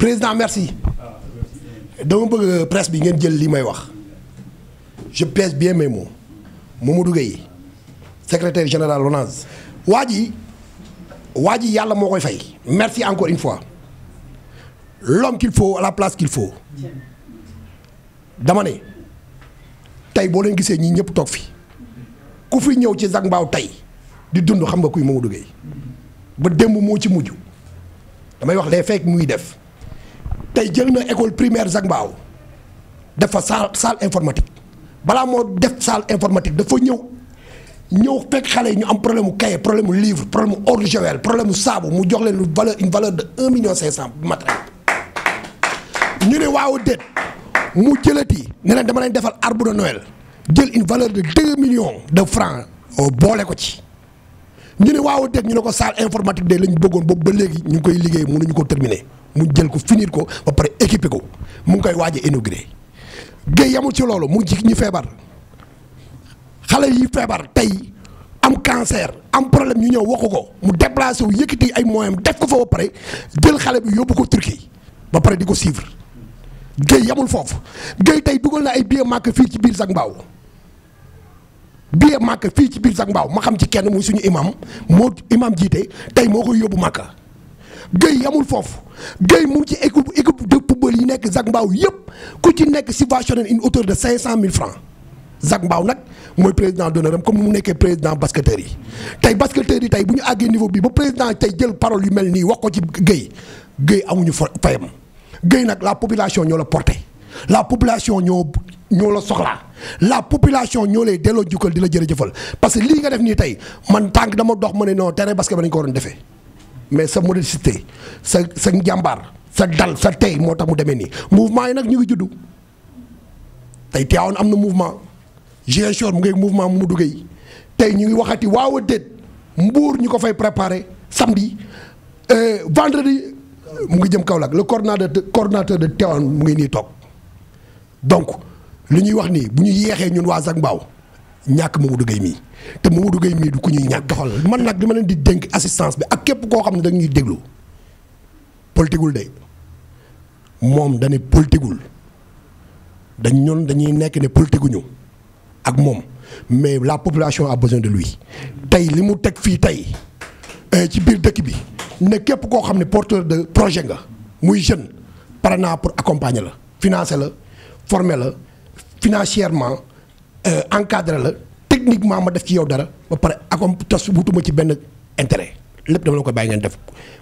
président merci dama bëgg presse bi ngeen jël li wax je pèse bien mes mots Mamadou Gueye secrétaire général ONAS Wadi, Wadi, Yalla ji koy fay merci encore une fois l'homme qu'il faut à la place qu'il faut dama ne tey qui leen gisee pour ñëpp toog fi ku fi ñëw ci Zac Mbao tey di dund xam nga kuy Mamadou Gueye ba démb moo ci mujj damay wax les faits muy def tey jël école primaire Zangbao de faire salle salle informatique Voilà moo def salle informatique Il nous fait un problème de cahier problème de livre problème de problème de nous une valeur de 1,5 million de cent Nous avons dit waaw avons mu jëlati arbre de Noël une valeur de 2 millions de francs au euh, ko ñu ne waaw teg ñu ne ko salle informatique de lañ bëggoon boobu ba léegi ñu ngi koy liggéey mënuñu ko terminer mu jël ko finir ko ba pare équipe ko mu ngi koy waajee a inauguré géey yamul ci loolu mu ngi ci ñu feebar xale yi feebar tey am cancer am problème ñu ñëw waxu ko mu déplacé wu yëkkati ay moyens def ko fa ba pare jël xale bi yóbbu ko Turquie ba pare di ko suivre géey yamul foofu géey tey dugal na ay billet màkk fii ci biir sax mbaaw biee màkk fi ci biir sax mbaw ma xam ci kenn moy suñu imam mo imam jiite tay moko koy maka, màkk amul yamul foofu géy mu ci équipe équipe de football yi nek Zac mbaw yépp ku ci nek subventionné une hauteur de 500 000 francs Zac mbaw nak moy président d'honneur comme mu nekkee président basketteur yi tay basketteur yi tay buñu aggé niveau bi ba président tay jël parole yu mel nii wax ko ci géy géy amuñu fayam géy nak la population ñoo la porté la population ñoo ñoo la la population ñoo lay delloo jukkal di la jërëjëfal parce que lii nga def nii tey man tànk dama dox ma ne non terrain basket ba dañ ko waroon defee mais sa modestie sa sa njàmbaar sa dal sa tey moo tax mu demee nii mouvement yi nag ñu ngi juddu tey teewoon am na mouvement Ziguinchor mu ngi mouvement mu duggee tey ñu ngi waxati waaw a déet mbuur ñu ko fay préparé samedi euh, vendredi mu ngi jëm Kaolack le coordonnateur cordinateur de teewoon mu ngi nii toog donc. li ñuy wax ni bu ñu yeexee ñun waa Zac Mbao ñàkk Mamadou Gueye mii te Mamadou Gueye du ku ñuy ñàkk doxal man nak li leen di dénk assistance bi ak képp ko xam ne da ñuy déglu politigul de moom dañuy dañ ñoon dañuy nekk ne ñu ak mom mais la population a besoin de lui Tay limu tek fi tay euh, ci biir dëkk bi ne képp ko xam ne porteur de projet nga muy jeune pare pour accompagner la financer la former la financièrement euh, encadre la techniquement ma def ci yow dara ba pare akom tas wutuma ci benn intérêt lépp dama la ko bàyyi ngeen def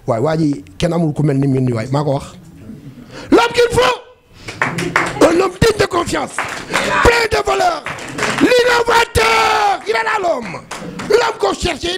waaye waa ji kenn amul ku mel ni mu ni waay maa ko wax l'homme qu'il faut un homme de confiance plein de valeur l'innovateur il est là l'homme l'homme qu'on cherchait